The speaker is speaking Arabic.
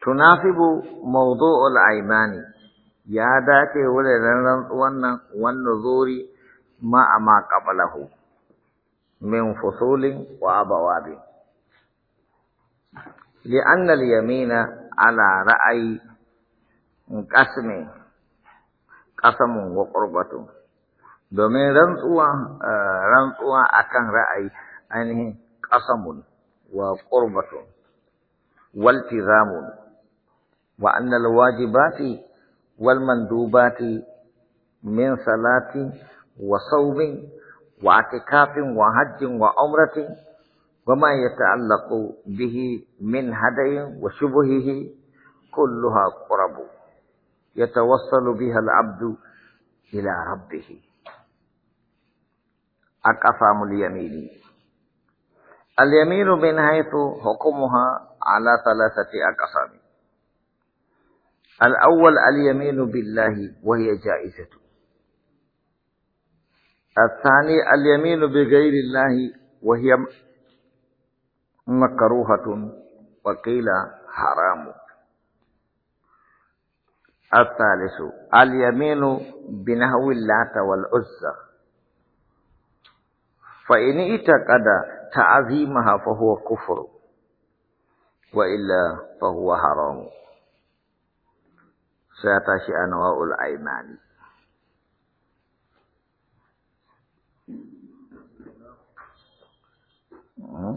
tunafibu mawdu'ul aimani ya dace wurin rantsuwan nan wannan zuri ma ma qablahu min fusulin wa abawabi لأن اليمين على رأي قسم قسم وقربة domin rantsuwa eh, rantsuwa akan ra'ayi ainihin qasamun wa qurbatun waltizamun وأن الواجبات والمندوبات من صلاة وصوم واعتكاف وحج وعمرة وما يتعلق به من هدي وشبهه كلها قرب يتوصل بها العبد إلى ربه أقفام اليمين اليمين من حيث حكمها على ثلاثة أقسام الأول اليمين بالله وهي جائزة الثاني اليمين بغير الله وهي مكروهة وقيل حرام الثالث اليمين بنهو اللات والعزى فإن اعتقد تعظيمها فهو كفر وإلا فهو حرام sai ya tashi a nawa'ul